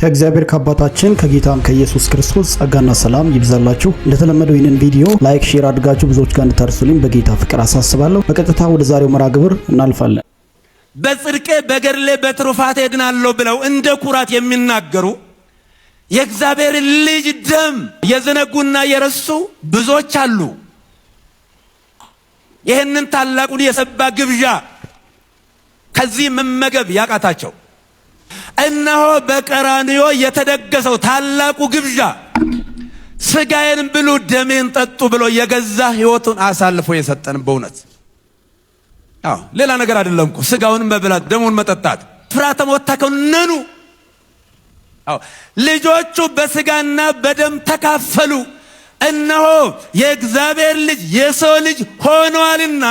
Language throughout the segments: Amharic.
ከእግዚአብሔር ከአባታችን ከጌታም ከኢየሱስ ክርስቶስ ጸጋና ሰላም ይብዛላችሁ። እንደተለመደው ይህንን ቪዲዮ ላይክ፣ ሼር አድርጋችሁ ብዙዎች ጋር እንድታርሱልኝ በጌታ ፍቅር አሳስባለሁ። በቀጥታ ወደ ዛሬው መርሃ ግብር እናልፋለን። በጽድቄ በገድሌ በትሩፋት ሄድናለሁ ብለው እንደ ኩራት የሚናገሩ የእግዚአብሔር ልጅ ደም የዘነጉና የረሱ ብዙዎች አሉ። ይህንን ታላቁን የሰባ ግብዣ ከዚህ መመገብ ያቃታቸው እነሆ በቀራንዮ የተደገሰው ታላቁ ግብዣ ስጋዬን ብሉ ደሜን ጠጡ ብሎ የገዛ ሕይወቱን አሳልፎ የሰጠን በእውነት አዎ፣ ሌላ ነገር አይደለም እኮ ስጋውን መብላት ደሙን መጠጣት። ፍርሃተ ሞት ተኮነኑ። አዎ፣ ልጆቹ በስጋና በደም ተካፈሉ። እነሆ የእግዚአብሔር ልጅ የሰው ልጅ ሆኗልና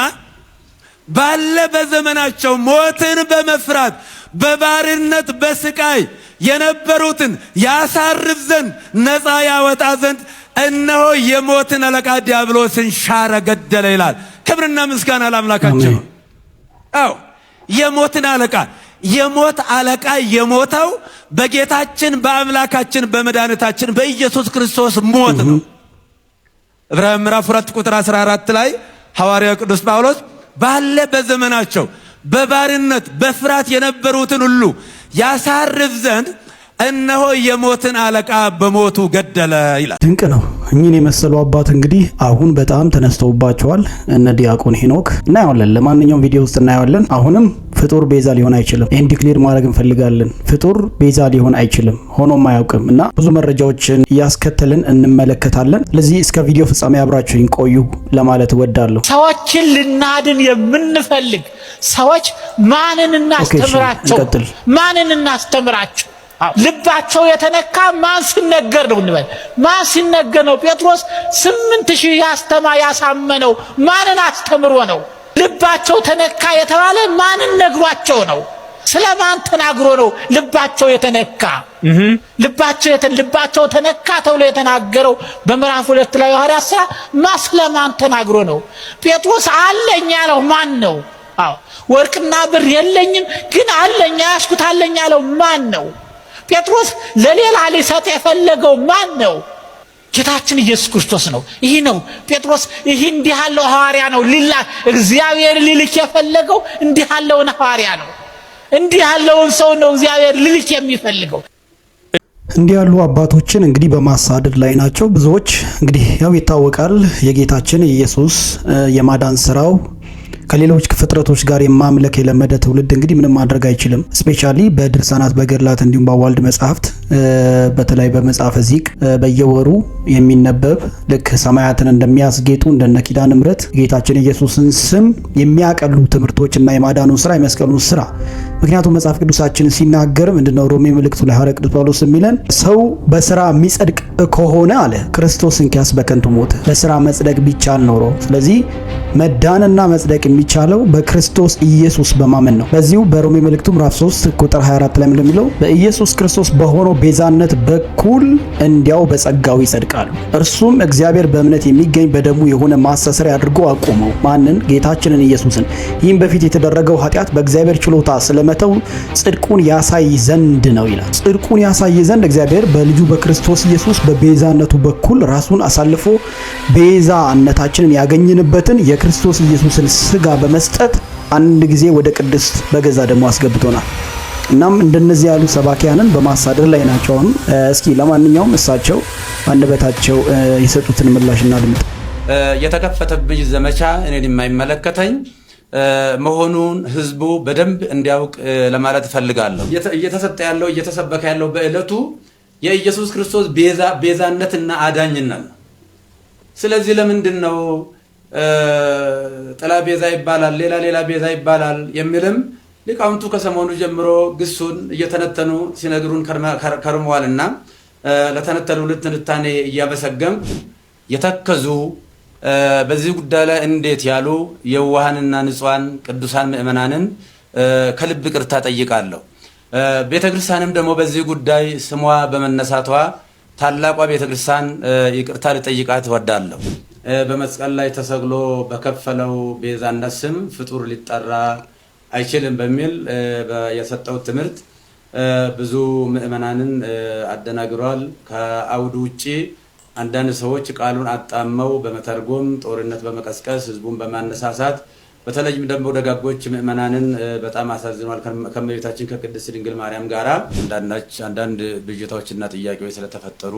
ባለ በዘመናቸው ሞትን በመፍራት በባርነት በስቃይ የነበሩትን ያሳርፍ ዘንድ ነፃ ያወጣ ዘንድ እነሆ የሞትን አለቃ ዲያብሎስን ሻረ፣ ገደለ ይላል። ክብርና ምስጋና ለአምላካችን። አዎ የሞትን አለቃ የሞት አለቃ የሞተው በጌታችን በአምላካችን በመድኃኒታችን በኢየሱስ ክርስቶስ ሞት ነው። ዕብራውያን ምዕራፍ ሁለት ቁጥር 14 ላይ ሐዋርያው ቅዱስ ጳውሎስ ባለ በዘመናቸው በባርነት በፍርሃት የነበሩትን ሁሉ ያሳርፍ ዘንድ እነሆ የሞትን አለቃ በሞቱ ገደለ ይላል። ድንቅ ነው። እኚህን የመሰሉ አባት እንግዲህ አሁን በጣም ተነስተውባቸዋል። እነ ዲያቆን ሄኖክ እናየዋለን። ለማንኛውም ቪዲዮ ውስጥ እናየዋለን። አሁንም ፍጡር ቤዛ ሊሆን አይችልም። ይህን ዲክሌር ማድረግ እንፈልጋለን። ፍጡር ቤዛ ሊሆን አይችልም፣ ሆኖም አያውቅም እና ብዙ መረጃዎችን እያስከተልን እንመለከታለን። ስለዚህ እስከ ቪዲዮ ፍጻሜ አብራችሁኝ ቆዩ ለማለት እወዳለሁ። ሰዎችን ልናድን የምንፈልግ ሰዎች ማንን እናስተምራቸው? ማንን እናስተምራቸው? ልባቸው የተነካ ማን ሲነገር ነው እንበል? ማን ሲነገር ነው? ጴጥሮስ ስምንት ሺህ ያስተማ ያሳመነው ማንን አስተምሮ ነው? ልባቸው ተነካ የተባለ ማንን ነግሯቸው ነው? ማን ተናግሮ ነው? ልባቸው የተነካ ልባቸው ልባቸው ተነካ ተብሎ የተናገረው በምዕራፍ ሁለት ላይ ዋህር ሥራ ማ ማን ተናግሮ ነው? ጴጥሮስ አለኝ ያለው ማን ነው? አዎ ወርቅና ብር የለኝም ግን አለኝ ያስኩት አለኝ ያለው ማን ነው? ጴጥሮስ ለሌላ ሊሰጥ የፈለገው ማን ነው? ጌታችን ኢየሱስ ክርስቶስ ነው። ይህ ነው ጴጥሮስ። ይህ እንዲህ ያለው ሐዋርያ ነው ሊላ እግዚአብሔር ሊልክ የፈለገው እንዲህ ያለውን ሐዋርያ ነው። እንዲህ ያለውን ሰው ነው እግዚአብሔር ሊልክ የሚፈልገው። እንዲህ ያሉ አባቶችን እንግዲህ በማሳደድ ላይ ናቸው ብዙዎች። እንግዲህ ያው ይታወቃል የጌታችን ኢየሱስ የማዳን ስራው ከሌሎች ፍጥረቶች ጋር የማምለክ የለመደ ትውልድ እንግዲህ ምንም ማድረግ አይችልም። ስፔሻሊ በድርሳናት በገድላት እንዲሁም በአዋልድ መጽሐፍት በተለይ በመጽሐፈ ዚቅ በየወሩ የሚነበብ ልክ ሰማያትን እንደሚያስጌጡ እንደነ ኪዳነ ምሕረት ጌታችን ኢየሱስን ስም የሚያቀሉ ትምህርቶችና የማዳኑን ስራ የመስቀሉን ስራ ምክንያቱም መጽሐፍ ቅዱሳችን ሲናገር ምንድነው ሮሜ መልእክቱ ላይ ሐዋርያ ቅዱስ ጳውሎስ የሚለን ሰው በስራ የሚጸድቅ ከሆነ አለ ክርስቶስ እንኪያስ በከንቱ ሞተ። በስራ መጽደቅ ቢቻል ኖሮ። ስለዚህ መዳንና መጽደቅ የሚቻለው በክርስቶስ ኢየሱስ በማመን ነው። በዚሁ በሮሜ መልእክቱ ምዕራፍ 3 ቁጥር 24 ላይ እንደሚለው በኢየሱስ ክርስቶስ በሆነው ቤዛነት በኩል እንዲያው በጸጋው ይጸድቃሉ። እርሱም እግዚአብሔር በእምነት የሚገኝ በደሙ የሆነ ማስተስሪያ አድርጎ አቆመው። ማንን? ጌታችንን ኢየሱስን። ይህም በፊት የተደረገው ኃጢአት በእግዚአብሔር ችሎታ ስለመተው ጽድቁን ያሳይ ዘንድ ነው ይላል። ጽድቁን ያሳይ ዘንድ እግዚአብሔር በልጁ በክርስቶስ ኢየሱስ በቤዛነቱ በኩል ራሱን አሳልፎ ቤዛነታችንን ያገኝንበትን የክርስቶስ ኢየሱስን ስጋ በመስጠት አንድ ጊዜ ወደ ቅድስት በገዛ ደግሞ አስገብቶናል። እናም እንደነዚህ ያሉ ሰባኪያንን በማሳደር ላይ ናቸው። አሁን እስኪ ለማንኛውም እሳቸው አንደበታቸው የሰጡትን ምላሽ እናድምጥ። የተከፈተብኝ ዘመቻ እኔን የማይመለከተኝ መሆኑን ህዝቡ በደንብ እንዲያውቅ ለማለት እፈልጋለሁ። እየተሰጠ ያለው እየተሰበከ ያለው በዕለቱ የኢየሱስ ክርስቶስ ቤዛነትና አዳኝነት ነው። ስለዚህ ለምንድን ነው ጥላ ቤዛ ይባላል፣ ሌላ ሌላ ቤዛ ይባላል የሚልም ሊቃውንቱ ከሰሞኑ ጀምሮ ግሱን እየተነተኑ ሲነግሩን ከርመዋልና ለተነተኑ ልትንታኔ እያመሰገም የተከዙ በዚህ ጉዳይ ላይ እንዴት ያሉ የዋሃንና ንጹሐን ቅዱሳን ምእመናንን ከልብ ቅርታ ጠይቃለሁ። ቤተ ክርስቲያንም ደግሞ በዚህ ጉዳይ ስሟ በመነሳቷ ታላቋ ቤተ ክርስቲያን ይቅርታ ልጠይቃት እወዳለሁ። በመስቀል ላይ ተሰቅሎ በከፈለው ቤዛነት ስም ፍጡር ሊጠራ አይችልም በሚል የሰጠው ትምህርት ብዙ ምዕመናንን አደናግሯል። ከአውድ ውጭ አንዳንድ ሰዎች ቃሉን አጣመው በመተርጎም ጦርነት በመቀስቀስ ህዝቡን በማነሳሳት በተለይም ደግሞ ደጋጎች ምዕመናንን በጣም አሳዝኗል። ከመቤታችን ከቅድስት ድንግል ማርያም ጋር አንዳንድ ብዥታዎችና ጥያቄዎች ስለተፈጠሩ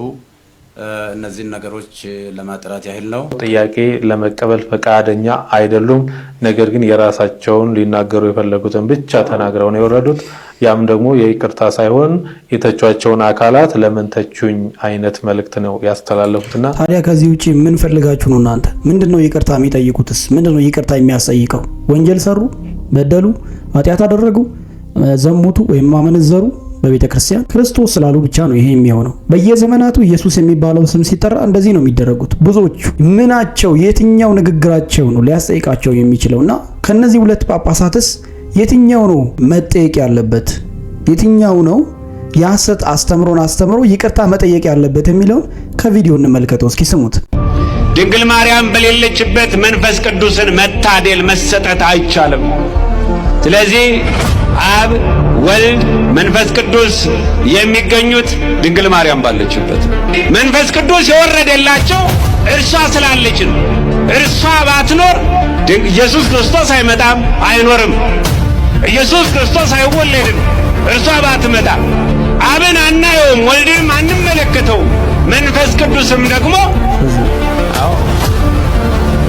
እነዚህን ነገሮች ለማጥራት ያህል ነው። ጥያቄ ለመቀበል ፈቃደኛ አይደሉም። ነገር ግን የራሳቸውን ሊናገሩ የፈለጉትን ብቻ ተናግረው ነው የወረዱት። ያም ደግሞ የይቅርታ ሳይሆን የተቿቸውን አካላት ለምን ተቹኝ አይነት መልእክት ነው ያስተላለፉትና ታዲያ ከዚህ ውጭ ምን ፈልጋችሁ ነው እናንተ? ምንድን ነው ይቅርታ የሚጠይቁትስ? ምንድን ነው ይቅርታ የሚያስጠይቀው? ወንጀል ሰሩ፣ በደሉ፣ ኃጢአት አደረጉ፣ ዘሙቱ ወይም አመነዘሩ በቤተ ክርስቲያን ክርስቶስ ስላሉ ብቻ ነው ይሄ የሚሆነው። በየዘመናቱ ኢየሱስ የሚባለው ስም ሲጠራ እንደዚህ ነው የሚደረጉት። ብዙዎቹ ምናቸው የትኛው ንግግራቸው ነው ሊያስጠይቃቸው የሚችለው? እና ከነዚህ ሁለት ጳጳሳትስ የትኛው ነው መጠየቅ ያለበት? የትኛው ነው የሐሰት አስተምሮን አስተምሮ ይቅርታ መጠየቅ ያለበት የሚለውን ከቪዲዮ እንመልከተው። እስኪ ስሙት። ድንግል ማርያም በሌለችበት መንፈስ ቅዱስን መታደል መሰጠት አይቻልም። ስለዚህ አብ ወልድ መንፈስ ቅዱስ የሚገኙት ድንግል ማርያም ባለችበት መንፈስ ቅዱስ የወረደላቸው እርሷ ስላለች ነው። እርሷ ባትኖር ኢየሱስ ክርስቶስ አይመጣም፣ አይኖርም። ኢየሱስ ክርስቶስ አይወለድም። እርሷ ባትመጣ አብን አናየውም፣ ወልድም አንመለከተውም። መንፈስ ቅዱስም ደግሞ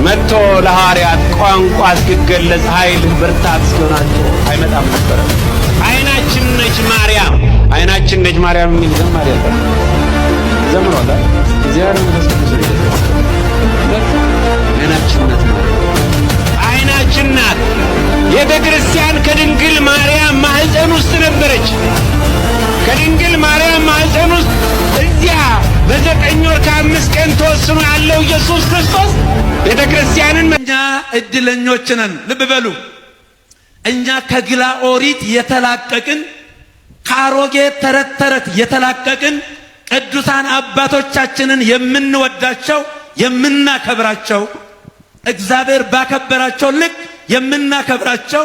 መጥቶ ለሐዋርያት ቋንቋ እስኪገለጽ ኃይል ብርታት እስኪሆናቸው አይመጣም ነበረ። ነች ማርያም፣ አይናችን ነች ማርያም የሚል ዘማሪ ያለ ዘምሯል። እግዚአብሔር መንፈስ ቅዱስ አይናችን ናት አይናችን ናት። ቤተ ክርስቲያን ከድንግል ማርያም ማህፀን ውስጥ ነበረች። ከድንግል ማርያም ማህፀን ውስጥ እዚያ በዘጠኝ ወር ከአምስት ቀን ተወስኖ ያለው ኢየሱስ ክርስቶስ ቤተ ክርስቲያንን እኛ እድለኞች ነን። ልብ በሉ። እኛ ከግላ ኦሪት የተላቀቅን ከአሮጌ ተረት ተረት የተላቀቅን ቅዱሳን አባቶቻችንን የምንወዳቸው የምናከብራቸው እግዚአብሔር ባከበራቸው ልክ የምናከብራቸው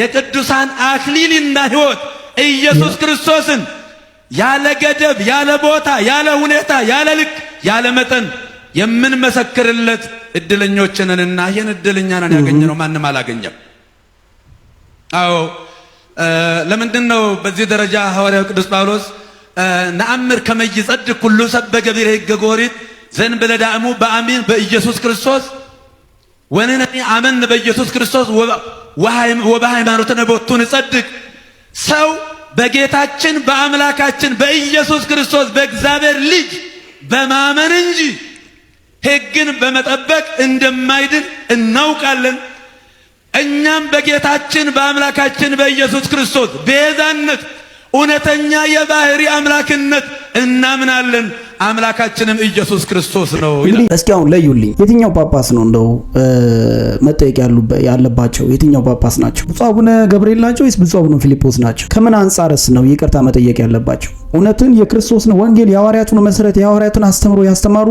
የቅዱሳን አክሊልና ሕይወት ኢየሱስ ክርስቶስን ያለ ገደብ፣ ያለ ቦታ፣ ያለ ሁኔታ፣ ያለ ልክ፣ ያለ መጠን የምንመሰክርለት እድለኞችንንና ይህን እድልኛ ነን ነው። ማንም አላገኘም። አዎ ለምንድን ነው በዚህ ደረጃ ሐዋርያው ቅዱስ ጳውሎስ ነአምር ከመይጸድቅ ኩሉ ሰበ ገቢረ ሕገ ጎሪት ዘእንበለ ዳእሙ በአሚን በኢየሱስ ክርስቶስ ወንነኒ አመን በኢየሱስ ክርስቶስ ወበሃይማኖትነ ቦቱ ንጸድቅ ሰው በጌታችን በአምላካችን በኢየሱስ ክርስቶስ በእግዚአብሔር ልጅ በማመን እንጂ ሕግን በመጠበቅ እንደማይድን እናውቃለን። እኛም በጌታችን በአምላካችን በኢየሱስ ክርስቶስ ቤዛነት እውነተኛ የባህሪ አምላክነት እናምናለን። አምላካችንም ኢየሱስ ክርስቶስ ነው። እስኪ አሁን ለዩልኝ፣ የትኛው ጳጳስ ነው እንደው መጠየቅ ያለባቸው? የትኛው ጳጳስ ናቸው? ብፁዕ አቡነ ገብርኤል ናቸው ወይስ ብፁዕ አቡነ ፊልጶስ ናቸው? ከምን አንጻርስ ነው ይቅርታ መጠየቅ ያለባቸው? እውነትን የክርስቶስን ወንጌል የሐዋርያቱን መሰረት የሐዋርያቱን አስተምሮ ያስተማሩ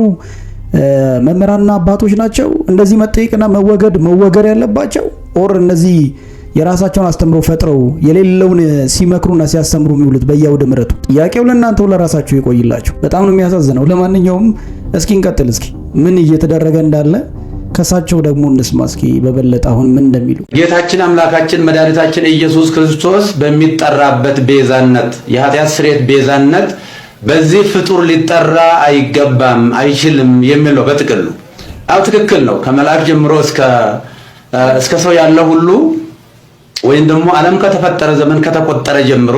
መምህራንና አባቶች ናቸው እንደዚህ መጠየቅና መወገድ መወገድ ያለባቸው ኦር እነዚህ የራሳቸውን አስተምሮ ፈጥረው የሌለውን ሲመክሩና ሲያስተምሩ የሚውሉት በየአውደ ምረቱ ጥያቄው ለእናንተው ለራሳችሁ ይቆይላችሁ። በጣም ነው የሚያሳዝነው። ለማንኛውም እስኪ እንቀጥል። እስኪ ምን እየተደረገ እንዳለ ከሳቸው ደግሞ እንስማ እስኪ በበለጠ አሁን ምን እንደሚሉ። ጌታችን አምላካችን መድኃኒታችን ኢየሱስ ክርስቶስ በሚጠራበት ቤዛነት፣ የኃጢአት ስርየት ቤዛነት በዚህ ፍጡር ሊጠራ አይገባም አይችልም የሚል ነው በጥቅሉ። አዎ ትክክል ነው። ከመልአክ ጀምሮ እስከ እስከ ሰው ያለ ሁሉ ወይም ደግሞ ዓለም ከተፈጠረ ዘመን ከተቆጠረ ጀምሮ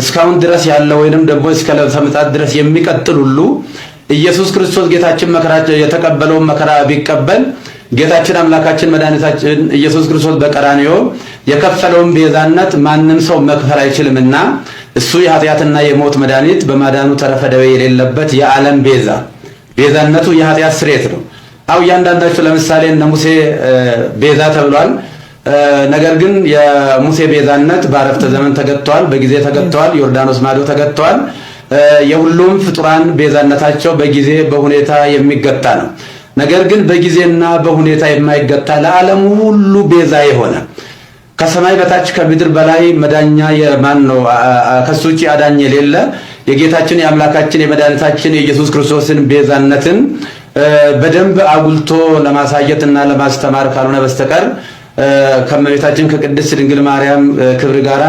እስካሁን ድረስ ያለ ወይንም ደግሞ እስከ ዕለተ ምጽአት ድረስ የሚቀጥል ሁሉ ኢየሱስ ክርስቶስ ጌታችን መከራ የተቀበለውን መከራ ቢቀበል ጌታችን አምላካችን መድኃኒታችን ኢየሱስ ክርስቶስ በቀራንዮ የከፈለውን ቤዛነት ማንም ሰው መክፈል አይችልምና እሱ የኃጢአትና የሞት መድኃኒት በማዳኑ ተረፈ ደዌ የሌለበት የዓለም ቤዛ ቤዛነቱ የኃጢአት ስሬት ነው። አው እያንዳንዳቸው ለምሳሌ እነ ሙሴ ቤዛ ተብሏል። ነገር ግን የሙሴ ቤዛነት በአረፍተ ዘመን ተገጥተዋል፣ በጊዜ ተገጥተዋል፣ ዮርዳኖስ ማዶ ተገጥተዋል። የሁሉም ፍጡራን ቤዛነታቸው በጊዜ በሁኔታ የሚገታ ነው። ነገር ግን በጊዜና በሁኔታ የማይገታ ለዓለም ሁሉ ቤዛ የሆነ ከሰማይ በታች ከምድር በላይ መዳኛ የማን ነው? ከሱ ውጭ አዳኝ የሌለ የጌታችን የአምላካችን የመድኃኒታችን የኢየሱስ ክርስቶስን ቤዛነትን በደንብ አጉልቶ ለማሳየት እና ለማስተማር ካልሆነ በስተቀር ከመቤታችን ከቅድስት ድንግል ማርያም ክብር ጋራ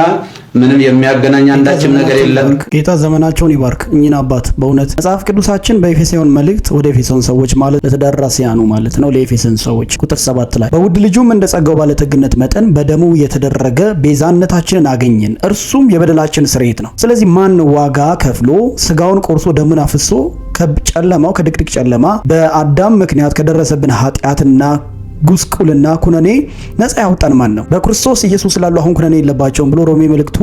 ምንም የሚያገናኝ አንዳችም ነገር የለም። ጌታ ዘመናቸውን ይባርክ እኚህን አባት በእውነት መጽሐፍ ቅዱሳችን በኤፌሶን መልእክት ወደ ኤፌሶን ሰዎች ማለት ለተደራሲያኑ ማለት ነው ለኤፌሶን ሰዎች ቁጥር ሰባት ላይ በውድ ልጁም እንደ ጸጋው ባለጠግነት መጠን በደሙ የተደረገ ቤዛነታችንን አገኘን፣ እርሱም የበደላችን ስርየት ነው። ስለዚህ ማን ዋጋ ከፍሎ ስጋውን ቆርሶ ደምን አፍሶ ከጨለማው ከድቅድቅ ጨለማ በአዳም ምክንያት ከደረሰብን ኃጢአትና ጉስቁልና ኩነኔ ነጻ ያውጣን ማን ነው? በክርስቶስ ኢየሱስ ስላሉ አሁን ኩነኔ የለባቸውም ብሎ ሮሜ መልእክቱ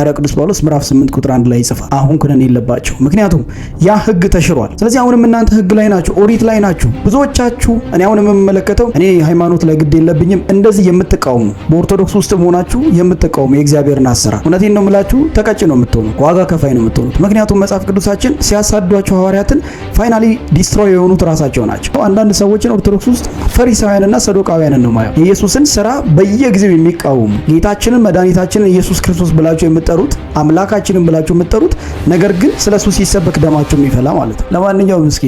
አርያ ቅዱስ ጳውሎስ ምዕራፍ 8 ቁጥር 1 ላይ ይጽፋል። አሁን ኩነኔ የለባቸው፣ ምክንያቱም ያ ህግ ተሽሯል። ስለዚህ አሁንም እናንተ ህግ ላይ ናችሁ፣ ኦሪት ላይ ናችሁ። ብዙዎቻችሁ እኔ አሁን የምመለከተው እኔ ሃይማኖት ላይ ግድ የለብኝም እንደዚህ የምትቃወሙ በኦርቶዶክስ ውስጥ መሆናችሁ የምትቃወሙ የእግዚአብሔርን አሰራር እውነቴን ነው የምላችሁ፣ ተቀጭ ነው የምትሆኑ፣ ዋጋ ከፋይ ነው የምትሆኑት። ምክንያቱም መጽሐፍ ቅዱሳችን ሲያሳዷቸው ሐዋርያትን ፋይናሊ ዲስትሮይ የሆኑት ራሳቸው ናቸው። አንዳንድ ሰዎችን ኦርቶዶክስ ውስጥ ፈሪሳውያንና ሰዶቃውያንን ነው ማየው። የኢየሱስን ስራ በየጊዜው የሚቃወሙ ጌታችንን መድኃኒታችንን ኢየሱስ ክርስቶስ ብላችሁ የምትጠሩት አምላካችንን ብላችሁ የምትጠሩት ነገር ግን ስለ እሱ ሲሰበክ ደማችሁ የሚፈላ ማለት ነው። ለማንኛውም እስኪ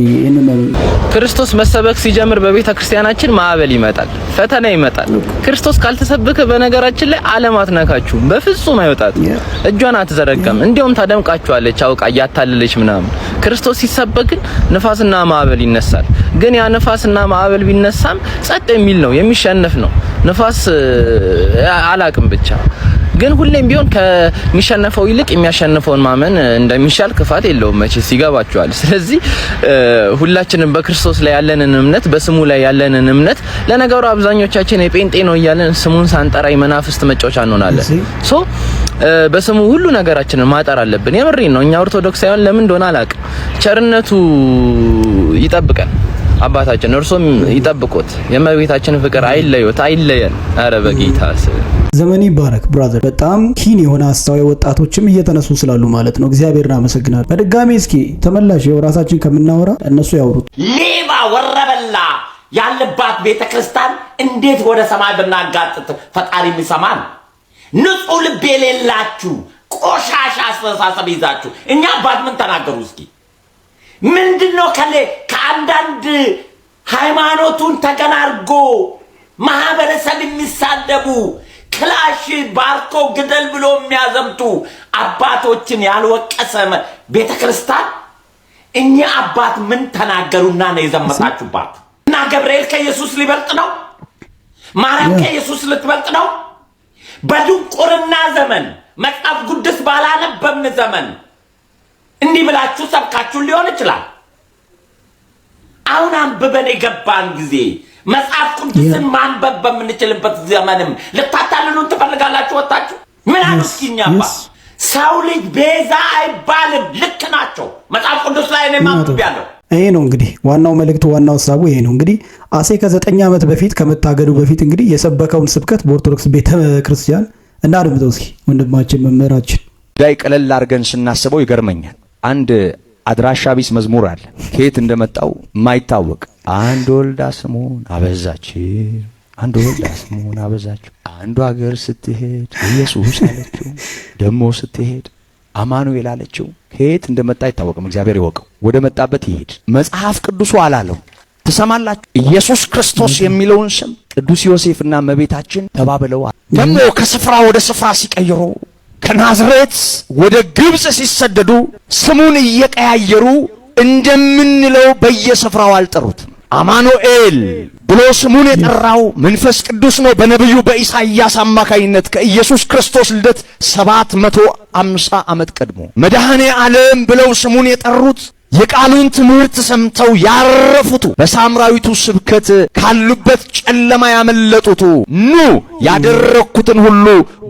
ክርስቶስ መሰበክ ሲጀምር በቤተ ክርስቲያናችን ማዕበል ይመጣል፣ ፈተና ይመጣል። ክርስቶስ ካልተሰበከ በነገራችን ላይ ዓለም አትነካችሁም፣ በፍጹም አይወጣት፣ እጇን አትዘረጋም፣ እንዲሁም ታደምቃችኋለች አውቃ እያታለለች ምናምን። ክርስቶስ ሲሰበክ ግን ንፋስና ማዕበል ይነሳል። ግን ያ ንፋስና ማዕበል ቢነሳም ጸጥ የሚል ነው የሚሸነፍ ነው። ንፋስ አላቅም ብቻ ግን ሁሌም ቢሆን ከሚሸነፈው ይልቅ የሚያሸንፈውን ማመን እንደሚሻል ክፋት የለውም መቼ ይገባችኋል። ስለዚህ ሁላችንም በክርስቶስ ላይ ያለንን እምነት፣ በስሙ ላይ ያለንን እምነት ለነገሩ አብዛኞቻችን የጴንጤ ነው እያለን ስሙን ሳንጠራ መናፍስት መጫወቻ እንሆናለን። ሶ በስሙ ሁሉ ነገራችንን ማጠር አለብን። የምሬን ነው። እኛ ኦርቶዶክሳውያን ለምን እንደሆነ አላቅም፣ ቸርነቱ ይጠብቀን። አባታችን እርሱም ይጠብቁት። የመቤታችን ፍቅር አይለዩት፣ አይለየን። አረ በጌታ ዘመን ይባረክ ብራዘር። በጣም ኪን የሆነ አስተዋይ ወጣቶችም እየተነሱ ስላሉ ማለት ነው። እግዚአብሔርን አመሰግናለሁ። በድጋሚ እስኪ ተመላሽ ያው ራሳችን ከምናወራ እነሱ ያውሩት። ሌባ ወረበላ ያለባት ቤተ ክርስቲያን እንዴት ወደ ሰማይ ብናጋጥት ፈጣሪ የሚሰማን? ንጹሕ ልብ የሌላችሁ ቆሻሻ አስተሳሰብ ይዛችሁ እኛ አባት ምን ተናገሩ እስኪ ምንድን ነው ከአንዳንድ ሃይማኖቱን ተገናርጎ ማህበረሰብ የሚሳደቡ ክላሽ ባርኮ ግደል ብሎ የሚያዘምቱ አባቶችን ያልወቀሰ ቤተ ክርስቲያን እኚህ አባት ምን ተናገሩና ነው የዘመታችሁባት? እና ገብርኤል ከኢየሱስ ሊበልጥ ነው? ማርያም ከኢየሱስ ልትበልጥ ነው? በድንቁርና ዘመን መጽሐፍ ቅዱስ ባላነበብን ዘመን እንዲህ ብላችሁ ሰብካችሁን ሊሆን ይችላል። አሁን አንብበን የገባን ጊዜ መጽሐፍ ቅዱስን ማንበብ በምንችልበት ዘመንም ልታታልሉን ትፈልጋላችሁ። ወጣችሁ ምን አሉ? እስኪ እኛ አባ ሰው ልጅ ቤዛ አይባልም። ልክ ናቸው። መጽሐፍ ቅዱስ ላይ እኔ ማንበብ ያለው ይሄ ነው እንግዲህ ዋናው መልእክቱ ዋናው ሀሳቡ ይሄ ነው እንግዲህ አሴ ከዘጠኝ ዓመት በፊት ከመታገዱ በፊት እንግዲህ የሰበከውን ስብከት በኦርቶዶክስ ቤተ ክርስቲያን እናድምጠው እስኪ ወንድማችን መምህራችን ዳይ ቀለል አድርገን ስናስበው ይገርመኛል አንድ አድራሻ ቢስ መዝሙር አለ። ከየት እንደመጣው የማይታወቅ አንድ ወልዳ ስሙን አበዛች አንድ ወልዳ ስሙን አበዛች። አንዱ ሀገር ስትሄድ ኢየሱስ አለችው፣ ደሞ ስትሄድ አማኑኤል አለችው። ከየት እንደመጣ አይታወቅም። እግዚአብሔር ይወቀው፣ ወደ መጣበት ይሄድ። መጽሐፍ ቅዱሱ አላለው። ትሰማላችሁ? ኢየሱስ ክርስቶስ የሚለውን ስም ቅዱስ ዮሴፍና እመቤታችን ተባብለዋል። ደግሞ ከስፍራ ወደ ስፍራ ሲቀይሩ ከናዝሬት ወደ ግብፅ ሲሰደዱ ስሙን እየቀያየሩ እንደምንለው በየስፍራው አልጠሩትም። አማኑኤል ብሎ ስሙን የጠራው መንፈስ ቅዱስ ነው። በነቢዩ በኢሳይያስ አማካኝነት ከኢየሱስ ክርስቶስ ልደት ሰባት መቶ አምሳ ዓመት ቀድሞ መድኃኔ ዓለም ብለው ስሙን የጠሩት የቃሉን ትምህርት ሰምተው ያረፉቱ በሳምራዊቱ ስብከት ካሉበት ጨለማ ያመለጡቱ ኑ ያደረግኩትን ሁሉ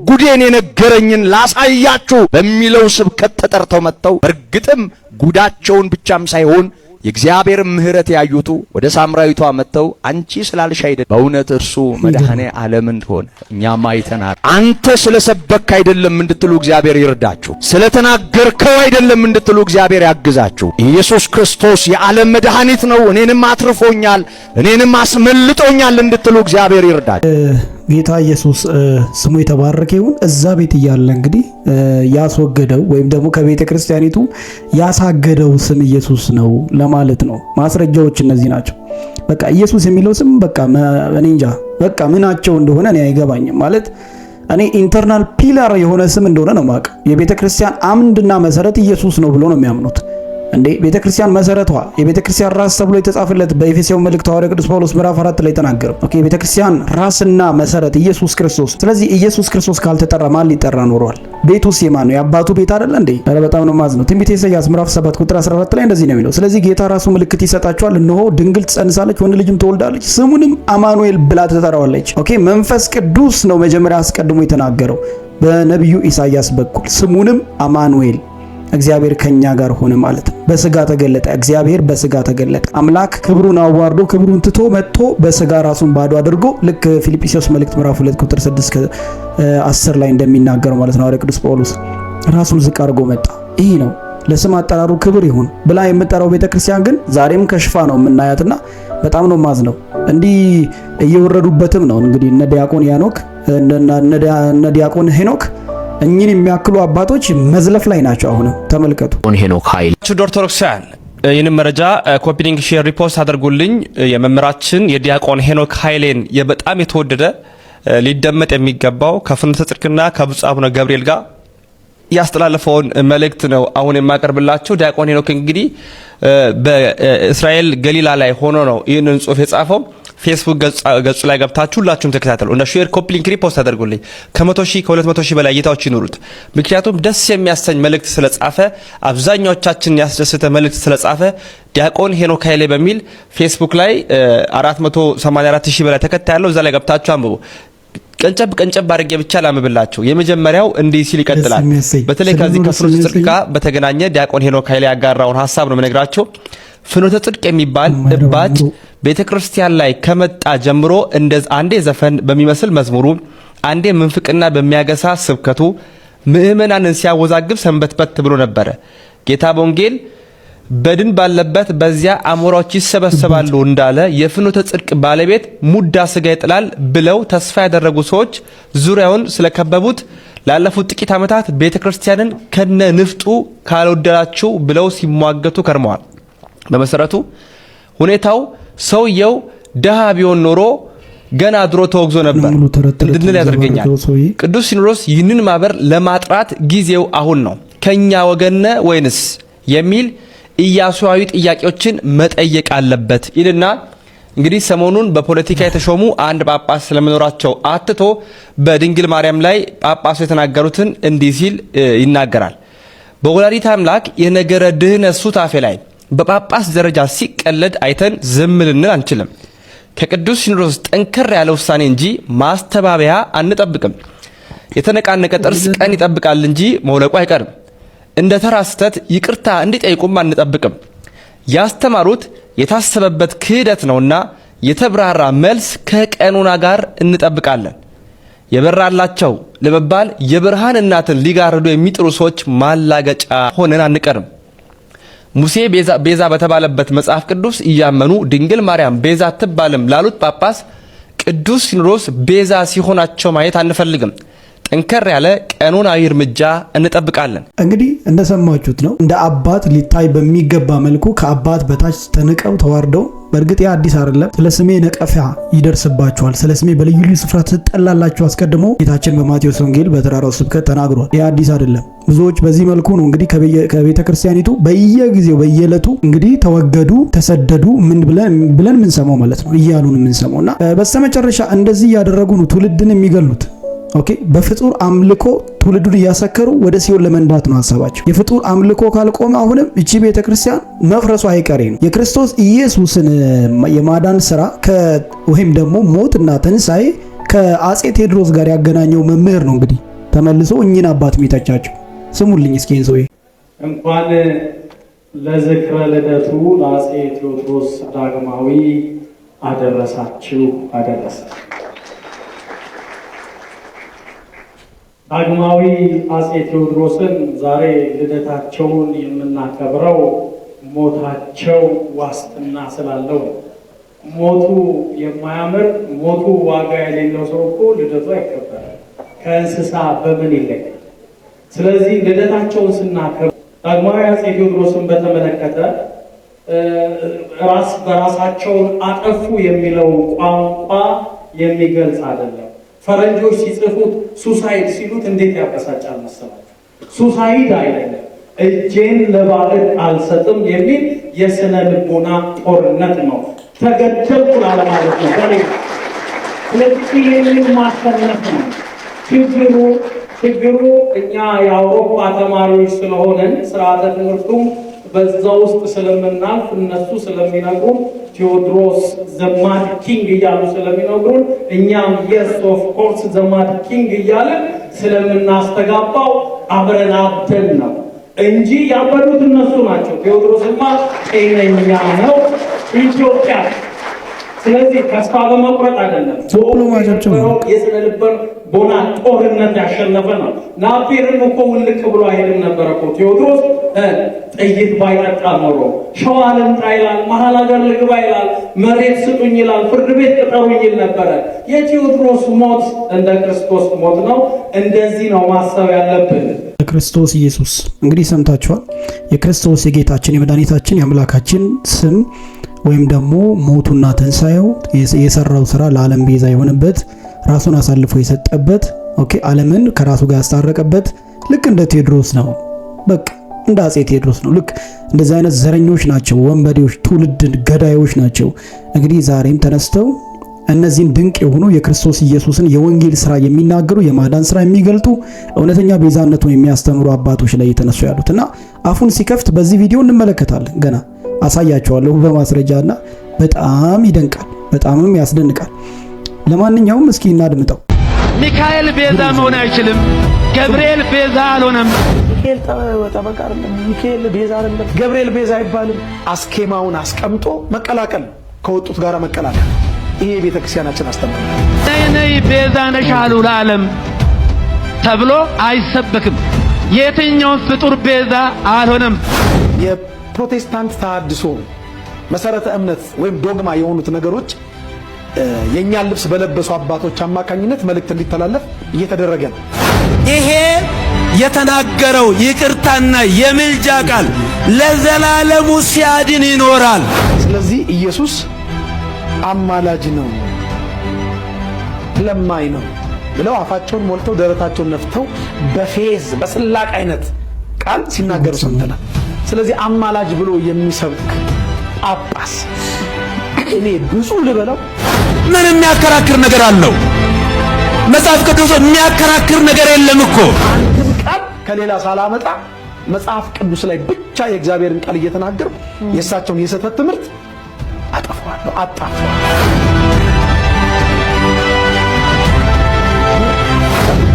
ጉዴን የነገረኝን ላሳያችሁ በሚለው ስብከት ተጠርተው መጥተው በእርግጥም ጉዳቸውን ብቻም ሳይሆን የእግዚአብሔር ምሕረት ያዩቱ ወደ ሳምራዊቷ መጥተው አንቺ ስላልሽ አይደለም፣ በእውነት እርሱ መድኃኔ ዓለም እንደሆነ እኛም አይተናል። አንተ ስለ ሰበክ አይደለም እንድትሉ እግዚአብሔር ይርዳችሁ፣ ስለ ተናገርከው አይደለም እንድትሉ እግዚአብሔር ያግዛችሁ። ኢየሱስ ክርስቶስ የዓለም መድኃኒት ነው፣ እኔንም አትርፎኛል፣ እኔንም አስመልጦኛል እንድትሉ እግዚአብሔር ይርዳችሁ። ጌታ ኢየሱስ ስሙ የተባረከ ይሁን። እዛ ቤት እያለ እንግዲህ ያስወገደው ወይም ደግሞ ከቤተ ክርስቲያኒቱ ያሳገደው ስም ኢየሱስ ነው ለማለት ነው። ማስረጃዎች እነዚህ ናቸው። በቃ ኢየሱስ የሚለው ስም በቃ እኔ እንጃ በቃ ምናቸው እንደሆነ እኔ አይገባኝም። ማለት እኔ ኢንተርናል ፒላር የሆነ ስም እንደሆነ ነው ማቅ የቤተ ክርስቲያን አምድና መሰረት ኢየሱስ ነው ብሎ ነው የሚያምኑት። እንዴ ቤተ ክርስቲያን መሰረቷ የቤተ ክርስቲያን ራስ ተብሎ የተጻፈለት በኤፌሶን መልእክት ሐዋርያ ቅዱስ ጳውሎስ ምዕራፍ 4 ላይ ተናገረው። ኦኬ የቤተ ክርስቲያን ራስና መሰረት ኢየሱስ ክርስቶስ። ስለዚህ ኢየሱስ ክርስቶስ ካልተጠራ ማን ሊጠራ ኖሯል? ቤቱ የማን ነው? የአባቱ ቤት አይደለ እንዴ? ኧረ በጣም ነው ማዝ ነው። ትንቢተ ኢሳይያስ ምዕራፍ 7 ቁጥር 14 ላይ እንደዚህ ነው የሚለው፣ ስለዚህ ጌታ ራሱ ምልክት ይሰጣቸዋል፣ እነሆ ድንግል ትጸንሳለች፣ ወንድ ልጅም ትወልዳለች፣ ስሙንም አማኑኤል ብላ ትጠራዋለች። ኦኬ መንፈስ ቅዱስ ነው መጀመሪያ አስቀድሞ የተናገረው በነቢዩ ኢሳይያስ በኩል ስሙንም አማኑኤል እግዚአብሔር ከኛ ጋር ሆነ ማለት ነው። በስጋ ተገለጠ። እግዚአብሔር በስጋ ተገለጠ። አምላክ ክብሩን አዋርዶ ክብሩን ትቶ መጥቶ በስጋ ራሱን ባዶ አድርጎ ልክ ፊልጵስዩስ መልእክት ምዕራፍ 2 ቁጥር 6 10 ላይ እንደሚናገር ማለት ነው ሐዋርያው ቅዱስ ጳውሎስ ራሱን ዝቅ አድርጎ መጣ። ይሄ ነው ለስም አጠራሩ ክብር ይሁን ብላ የምጠራው ቤተክርስቲያን ግን ዛሬም ከሽፋ ነው የምናያትና በጣም ነው ማዝ ነው። እንዲህ እየወረዱበትም ነው እንግዲህ እነ ዲያቆን ያኖክ እነ ዲያቆን ሄኖክ እኚህን የሚያክሉ አባቶች መዝለፍ ላይ ናቸው። አሁንም ተመልከቱ። ሄኖክ ኃይል ኦርቶዶክሳውያን ይህንም መረጃ ኮፒኒንግ ሼር ሪፖርት አድርጉልኝ። የመምህራችን የዲያቆን ሄኖክ ኃይሌን በጣም የተወደደ ሊደመጥ የሚገባው ከፍኖተ ጽድቅና ከብፁዕ አቡነ ገብርኤል ጋር ያስተላለፈውን መልእክት ነው አሁን የማቀርብላቸው ዲያቆን ሄኖክ እንግዲህ በእስራኤል ገሊላ ላይ ሆኖ ነው ይህንን ጽሁፍ የጻፈው። ፌስቡክ ገጹ ላይ ገብታችሁ ሁላችሁም ተከታተሉ። እንደ ሼር፣ ኮፒ ሊንክ፣ ሪፖስት አድርጉልኝ። ከ100 ሺህ ከ200 ሺህ በላይ እይታዎች ይኑሩት። ምክንያቱም ደስ የሚያሰኝ መልእክት ስለጻፈ አብዛኛዎቻችን ያስደሰተ መልእክት ስለጻፈ ዲያቆን ሄኖክ ኃይሌ በሚል ፌስቡክ ላይ 484 ሺህ በላይ ተከታይ ያለው እዛ ላይ ገብታችሁ አንብቡ። ቀንጨብ ቀንጨብ አድርጌ ብቻ ላምብላችሁ። የመጀመሪያው እንዲህ ሲል ይቀጥላል። በተለይ ከዚህ ከፍኖተ ጽድቅ ጋር በተገናኘ ዲያቆን ሄኖክ ኃይሌ ያጋራውን ሀሳብ ነው የምነግራቸው። ፍኖተ ጽድቅ የሚባል እባጭ ቤተ ክርስቲያን ላይ ከመጣ ጀምሮ እንደ አንዴ ዘፈን በሚመስል መዝሙሩ፣ አንዴ ምንፍቅና በሚያገሳ ስብከቱ ምእመናንን ሲያወዛግብ ሰንበትበት ብሎ ነበረ። ጌታ በወንጌል በድን ባለበት በዚያ አሞራዎች ይሰበሰባሉ እንዳለ የፍኖተ ጽድቅ ባለቤት ሙዳ ስጋ ይጥላል ብለው ተስፋ ያደረጉ ሰዎች ዙሪያውን ስለከበቡት ላለፉት ጥቂት ዓመታት ቤተ ክርስቲያንን ከነ ንፍጡ ካልወደላችሁ ብለው ሲሟገቱ ከርመዋል። በመሰረቱ ሁኔታው ሰውየው ደሃ ቢሆን ኖሮ ገና ድሮ ተወግዞ ነበር እንድንል ያደርገኛል። ቅዱስ ሲኖዶስ ይህንን ማህበር ለማጥራት ጊዜው አሁን ነው፣ ከኛ ወገነ ወይንስ የሚል ኢያሱዊ ጥያቄዎችን መጠየቅ አለበት ይልና እንግዲህ ሰሞኑን በፖለቲካ የተሾሙ አንድ ጳጳስ ስለመኖራቸው አትቶ በድንግል ማርያም ላይ ጳጳሱ የተናገሩትን እንዲህ ሲል ይናገራል። በወላዲት አምላክ የነገረ ድህነ ሱታፌ ላይ በጳጳስ ደረጃ ሲቀለድ አይተን ዝም ልንል አንችልም። ከቅዱስ ሲኖዶስ ጠንከር ያለ ውሳኔ እንጂ ማስተባበያ አንጠብቅም። የተነቃነቀ ጥርስ ቀን ይጠብቃል እንጂ መውለቁ አይቀርም። እንደ ተራ ስህተት ይቅርታ እንዲጠይቁም አንጠብቅም። ያስተማሩት የታሰበበት ክህደት ነውና የተብራራ መልስ ከቀኑና ጋር እንጠብቃለን። የበራላቸው ለመባል የብርሃን እናትን ሊጋርዱ የሚጥሩ ሰዎች ማላገጫ ሆነን አንቀርም። ሙሴ ቤዛ በተባለበት መጽሐፍ ቅዱስ እያመኑ ድንግል ማርያም ቤዛ አትባልም ላሉት ጳጳስ ቅዱስ ሲኖዶስ ቤዛ ሲሆናቸው ማየት አንፈልግም። ጠንከር ያለ ቀኖናዊ እርምጃ እንጠብቃለን። እንግዲህ እንደሰማችሁት ነው። እንደ አባት ሊታይ በሚገባ መልኩ ከአባት በታች ተንቀው ተዋርደው በእርግጥ ያ አዲስ አይደለም። ስለ ስሜ ነቀፊያ ይደርስባቸዋል ስለ ስሜ በልዩ ልዩ ስፍራ ትጠላላችሁ አስቀድሞ ጌታችን በማቴዎስ ወንጌል በተራራው ስብከት ተናግሯል። ይህ አዲስ አይደለም። ብዙዎች በዚህ መልኩ ነው እንግዲህ ከቤተ ክርስቲያኒቱ በየጊዜው በየዕለቱ እንግዲህ ተወገዱ፣ ተሰደዱ ምን ብለን ምንሰማው ማለት ነው እያሉን የምንሰማው እና በስተመጨረሻ እንደዚህ እያደረጉ ነው ትውልድን የሚገሉት። ኦኬ በፍጡር አምልኮ ትውልዱን እያሰከሩ ወደ ሲኦል ለመንዳት ነው ሀሳባቸው። የፍጡር አምልኮ ካልቆመ አሁንም እቺ ቤተክርስቲያን መፍረሱ አይቀሬ ነው። የክርስቶስ ኢየሱስን የማዳን ስራ ወይም ደግሞ እና ትንሣኤ ከአጼ ቴዎድሮስ ጋር ያገናኘው መምህር ነው። እንግዲህ ተመልሶ እኚህን አባት የሚተቻቸው ስሙልኝ እስኪን ሰው እንኳን ለዝክረ ልደቱ ለአጼ ቴዎድሮስ ዳግማዊ አደረሳችሁ አደረሰ ዳግማዊ አጼ ቴዎድሮስን ዛሬ ልደታቸውን የምናከብረው ሞታቸው ዋስትና ስላለው ነው። ሞቱ የማያምር ሞቱ ዋጋ የሌለው ሰው እኮ ልደቱ አይከበርም፣ ከእንስሳ በምን ይለያል? ስለዚህ ልደታቸውን ስናከብር ዳግማዊ አጼ ቴዎድሮስን በተመለከተ ራስ በራሳቸውን አጠፉ የሚለው ቋንቋ የሚገልጽ አይደለም። ፈረንጆች ሲጽፉት ሱሳይድ ሲሉት እንዴት ያበሳጫል መሰላችሁ? ሱሳይድ አይደለም እጄን ለባዕድ አልሰጥም የሚል የስነ ልቦና ጦርነት ነው። ተገደልኩ አለማለት ነው። በኔ ስለዚህ ይህንን ነው ችግሩ። ችግሩ እኛ የአውሮፓ ተማሪዎች ስለሆነን ስርዓተ ትምህርቱም በዛ ውስጥ ስለምናልፍ እነሱ ስለሚነግሩን ቴዎድሮስ ዘማድ ኪንግ እያሉ ስለሚነግሩን እኛም የስ ኦፍ ኮርስ ዘማድ ኪንግ እያለን ስለምናስተጋባው አብረን አብደን ነው እንጂ ያበዱት እነሱ ናቸው። ቴዎድሮስማ ጤነኛ ነው። ኢትዮጵያ ስለዚህ ተስፋ በመቁረጥ አይደለም፣ የስነ ቦና ጦርነት ያሸነፈ ነው። ናቤልን እኮ ውልቅ ብሎ አይልም ነበር እኮ ቴዎድሮስ። ጥይት ባይጠጣ ኖሮ ሸዋ ልምጣ ይላል፣ መሀል ሀገር ልግባ ይላል፣ መሬት ስጡኝ ይላል፣ ፍርድ ቤት ቅጠሩኝ ይል ነበረ። የቴዎድሮስ ሞት እንደ ክርስቶስ ሞት ነው። እንደዚህ ነው ማሰብ ያለብን። ክርስቶስ ኢየሱስ እንግዲህ ሰምታችኋል። የክርስቶስ የጌታችን የመድኃኒታችን የአምላካችን ስም ወይም ደግሞ ሞቱና ትንሣኤው የሰራው ስራ ለዓለም ቤዛ የሆነበት ራሱን አሳልፎ የሰጠበት ኦኬ ዓለምን ከራሱ ጋር ያስታረቀበት ልክ እንደ ቴዎድሮስ ነው። በቃ እንደ አጼ ቴዎድሮስ ነው። ልክ እንደዚህ አይነት ዘረኞች ናቸው፣ ወንበዴዎች፣ ትውልድን ገዳዮች ናቸው። እንግዲህ ዛሬም ተነስተው እነዚህን ድንቅ የሆኑ የክርስቶስ ኢየሱስን የወንጌል ስራ የሚናገሩ የማዳን ስራ የሚገልጡ እውነተኛ ቤዛነቱን የሚያስተምሩ አባቶች ላይ የተነሱ ያሉት እና አፉን ሲከፍት በዚህ ቪዲዮ እንመለከታለን ገና አሳያቸዋለሁ በማስረጃ በጣም ይደንቃል፣ በጣምም ያስደንቃል። ለማንኛውም እስኪ እናድምጠው። ሚካኤል ቤዛ መሆን አይችልም። ገብርኤል ቤዛ አልሆነም። ሚካኤል ጠበቃ አይደለም። ሚካኤል ቤዛ አይደለም። ገብርኤል ቤዛ አይባልም። አስኬማውን አስቀምጦ መቀላቀል፣ ከወጡት ጋር መቀላቀል፣ ይሄ የቤተ ክርስቲያናችን አስተምሮ ነይ ነይ ቤዛ ነሽ አሉ ለዓለም ተብሎ አይሰበክም። የትኛውን ፍጡር ቤዛ አልሆነም። ፕሮቴስታንት ተሐድሶ መሰረተ እምነት ወይም ዶግማ የሆኑት ነገሮች የእኛን ልብስ በለበሱ አባቶች አማካኝነት መልእክት እንዲተላለፍ እየተደረገ ነው። ይሄ የተናገረው ይቅርታና የምልጃ ቃል ለዘላለሙ ሲያድን ይኖራል። ስለዚህ ኢየሱስ አማላጅ ነው፣ ለማኝ ነው ብለው አፋቸውን ሞልተው ደረታቸውን ነፍተው በፌዝ በስላቅ አይነት ቃል ሲናገሩ ሰምተናል። ስለዚህ አማላጅ ብሎ የሚሰብክ ጳጳስ እኔ ብዙ ልበለው? ምን የሚያከራክር ነገር አለው? መጽሐፍ ቅዱስ የሚያከራክር ነገር የለም እኮ። አንድም ቃል ከሌላ ሳላመጣ መጽሐፍ ቅዱስ ላይ ብቻ የእግዚአብሔርን ቃል እየተናገርኩ የእሳቸውን የስህተት ትምህርት አጠፋዋለሁ አጣፋዋለሁ።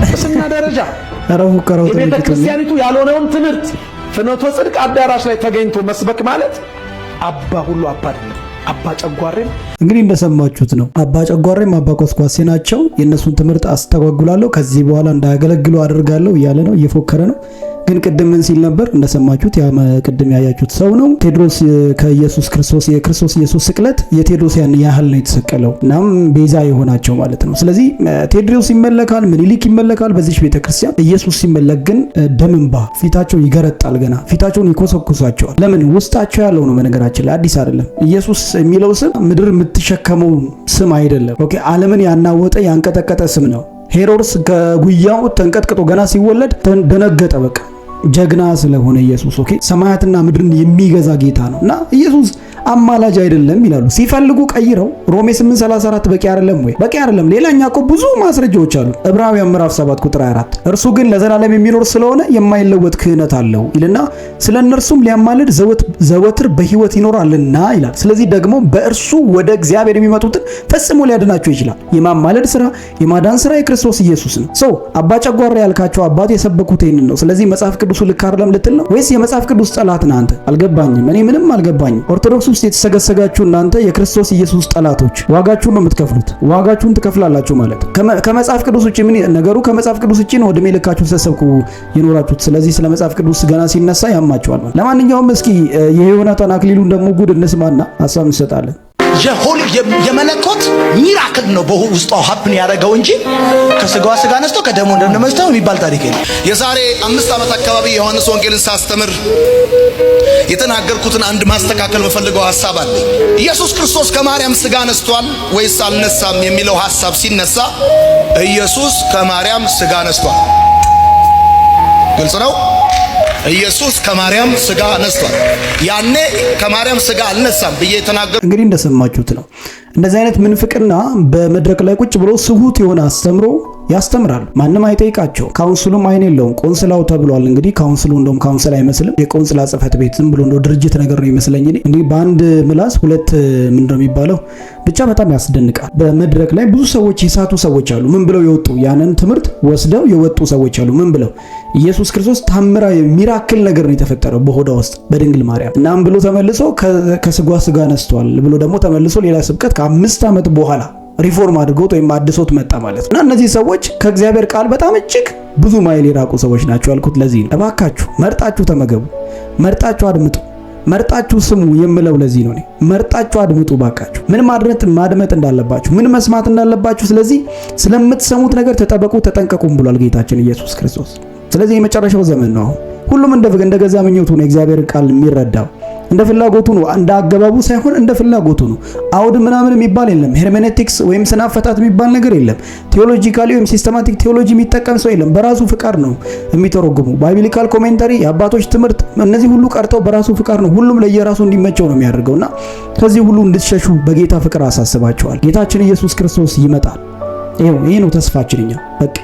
በስና ደረጃ ቤተክርስቲያኒቱ ያልሆነውን ትምህርት ፍኖቶ ጽድቅ አዳራሽ ላይ ተገኝቶ መስበክ ማለት አባ ሁሉ አባ አይደለም። አባ ጨጓሬም እንግዲህ እንደሰማችሁት ነው። አባ ጨጓሬም አባ ኮስኳሴ ናቸው። የእነሱን ትምህርት አስተጓጉላለሁ፣ ከዚህ በኋላ እንዳያገለግሉ አድርጋለሁ እያለ ነው፣ እየፎከረ ነው። ግን ቅድም ምን ሲል ነበር እንደሰማችሁት ያ ቅድም ያያችሁት ሰው ነው ቴድሮስ ከኢየሱስ ክርስቶስ የክርስቶስ ኢየሱስ ስቅለት የቴድሮስ ያን ያህል ነው የተሰቀለው እናም ቤዛ የሆናቸው ማለት ነው ስለዚህ ቴድሮስ ይመለካል ምኒልክ ይመለካል በዚች ቤተክርስቲያን ኢየሱስ ሲመለክ ግን ደምንባ ፊታቸው ይገረጣል ገና ፊታቸውን ይኮሰኩሷቸዋል። ለምን ውስጣቸው ያለው ነው በነገራችን ላይ አዲስ አይደለም ኢየሱስ የሚለው ስም ምድር የምትሸከመው ስም አይደለም ኦኬ አለምን ያናወጠ ያንቀጠቀጠ ስም ነው ሄሮድስ ከጉያው ተንቀጥቅጦ ገና ሲወለድ ደነገጠ በቃ ጀግና ስለሆነ ኢየሱስ ኦኬ፣ ሰማያትና ምድርን የሚገዛ ጌታ ነው እና ኢየሱስ አማላጅ አይደለም ይላሉ። ሲፈልጉ ቀይረው ሮሜ 8:34 በቂ አይደለም ወይ? በቂ አይደለም። ሌላኛ እኮ ብዙ ማስረጃዎች አሉ። ዕብራውያን ምዕራፍ 7 ቁጥር 24 እርሱ ግን ለዘላለም የሚኖር ስለሆነ የማይለወጥ ክህነት አለው ይልና ስለ እነርሱም ሊያማልድ ዘወትር በሕይወት ይኖራልና ይላል። ስለዚህ ደግሞ በእርሱ ወደ እግዚአብሔር የሚመጡትን ፈጽሞ ሊያድናቸው ይችላል። የማማለድ ስራ፣ የማዳን ስራ የክርስቶስ ኢየሱስ ነው። ሰው አባ ጨጓራ ያልካቸው አባት የሰበኩት ይህንን ነው። ስለዚህ መጽሐፍ ቅዱሱ ልክ አይደለም ልትል ነው ወይስ የመጽሐፍ ቅዱስ ጠላት ነህ አንተ? አልገባኝም። እኔ ምንም አልገባኝም። ኦርቶዶክስ ውስጥ የተሰገሰጋችሁ እናንተ የክርስቶስ ኢየሱስ ጠላቶች ዋጋችሁን ነው የምትከፍሉት። ዋጋችሁን ትከፍላላችሁ ማለት ከመጽሐፍ ቅዱስ ውጪ ምን ነገሩ? ከመጽሐፍ ቅዱስ ውጪ ነው እድሜ ልካችሁ ተሰብኩ የኖራችሁት። ስለዚህ ስለ መጽሐፍ ቅዱስ ገና ሲነሳ ያማችኋል። ለማንኛውም እስኪ የዮናታን አክሊሉን ደግሞ ጉድ እንስማና ሀሳብ እንሰጣለን። የሆል የመለኮት ሚራክል ነው በውስጧ ሀፕን ያደረገው እንጂ ከስጋዋ ስጋ ነስቶ ከደሞ እንደነመስተው የሚባል ታሪክ ነው። የዛሬ አምስት ዓመት አካባቢ ዮሐንስ ወንጌልን ሳስተምር የተናገርኩትን አንድ ማስተካከል በፈልገው ሀሳብ አለ። ኢየሱስ ክርስቶስ ከማርያም ስጋ ነስቷል ወይስ አልነሳም የሚለው ሀሳብ ሲነሳ ኢየሱስ ከማርያም ስጋ ነስቷል ግልጽ ነው። ኢየሱስ ከማርያም ስጋ ነስቷል። ያኔ ከማርያም ስጋ አልነሳም ብዬ የተናገሩ እንግዲህ እንደሰማችሁት ነው። እንደዚህ አይነት ምንፍቅና በመድረክ ላይ ቁጭ ብሎ ስሁት የሆነ አስተምሮ ያስተምራል ማንም አይጠይቃቸው። ካውንስሉም አይን የለውም። ቆንስላው ተብሏል። እንግዲህ ካውንስሉ እንደውም ካውንስል አይመስልም። የቆንስላ ጽሕፈት ቤት ዝም ብሎ እንደው ድርጅት ነገር ነው ይመስለኝ። እኔ እንዲህ በአንድ ምላስ ሁለት ምንድን ነው የሚባለው? ብቻ በጣም ያስደንቃል። በመድረክ ላይ ብዙ ሰዎች የሳቱ ሰዎች አሉ። ምን ብለው የወጡ ያንን ትምህርት ወስደው የወጡ ሰዎች አሉ። ምን ብለው ኢየሱስ ክርስቶስ ታምራዊ ሚራክል ነገር ነው የተፈጠረው በሆዷ ውስጥ በድንግል ማርያም። እናም ብሎ ተመልሶ ከስጓ ስጋ ነስቷል ብሎ ደግሞ ተመልሶ ሌላ ስብከት ከአምስት ዓመት በኋላ ሪፎርም አድርጎት ወይም አድሶት መጣ ማለት ነው። እና እነዚህ ሰዎች ከእግዚአብሔር ቃል በጣም እጅግ ብዙ ማይል የራቁ ሰዎች ናቸው ያልኩት ለዚህ ነው። እባካችሁ መርጣችሁ ተመገቡ፣ መርጣችሁ አድምጡ፣ መርጣችሁ ስሙ የምለው ለዚህ ነው። መርጣችሁ አድምጡ ባካችሁ፣ ምን ማድረት ማድመጥ እንዳለባችሁ፣ ምን መስማት እንዳለባችሁ። ስለዚህ ስለምትሰሙት ነገር ተጠበቁ፣ ተጠንቀቁም ብሏል ጌታችን ኢየሱስ ክርስቶስ። ስለዚህ የመጨረሻው ዘመን ነው። ሁሉም እንደ ገዛ ምኞቱ ነው እግዚአብሔር ቃል የሚረዳው እንደ ፍላጎቱ ነው፣ እንደ አገባቡ ሳይሆን እንደ ፍላጎቱ ነው። አውድ ምናምን የሚባል የለም። ሄርሜኔቲክስ ወይም ስነ አፈታት የሚባል ነገር የለም። ቴዎሎጂካሊ ወይም ሲስተማቲክ ቴዎሎጂ የሚጠቀም ሰው የለም። በራሱ ፍቃድ ነው የሚተረጉሙ። ባይብሊካል ኮሜንታሪ፣ የአባቶች ትምህርት፣ እነዚህ ሁሉ ቀርተው በራሱ ፍቃድ ነው። ሁሉም ለየራሱ እንዲመቸው ነው የሚያደርገውና ከዚህ ሁሉ እንድትሸሹ በጌታ ፍቅር አሳስባቸዋል። ጌታችን ኢየሱስ ክርስቶስ ይመጣል። ይሄ ነው ተስፋችን እኛ በቃ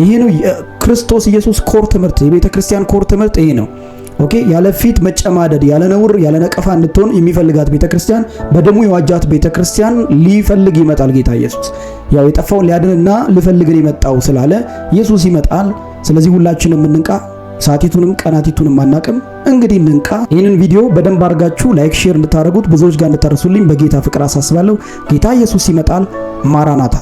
ይሄ ነው ክርስቶስ ኢየሱስ ኮር ትምህርት የቤተ ክርስቲያን ኮር ትምህርት ይሄ ነው። ኦኬ ያለ ፊት መጨማደድ ያለ ነውር ያለ ነቀፋ እንድትሆን የሚፈልጋት ቤተ ክርስቲያን በደሙ የዋጃት ቤተ ክርስቲያን ሊፈልግ ይመጣል ጌታ ኢየሱስ። ያው የጠፋውን ሊያድንና ልፈልግን የመጣው ስላለ ኢየሱስ ይመጣል። ስለዚህ ሁላችንም እንንቃ። ሰዓቲቱንም ቀናቲቱንም አናቅም። እንግዲህ እንንቃ። ይህንን ቪዲዮ በደንብ አድርጋችሁ ላይክ፣ ሼር እንድታደርጉት ብዙዎች ጋር እንድታደርሱልኝ በጌታ ፍቅር አሳስባለሁ። ጌታ ኢየሱስ ይመጣል። ማራናታ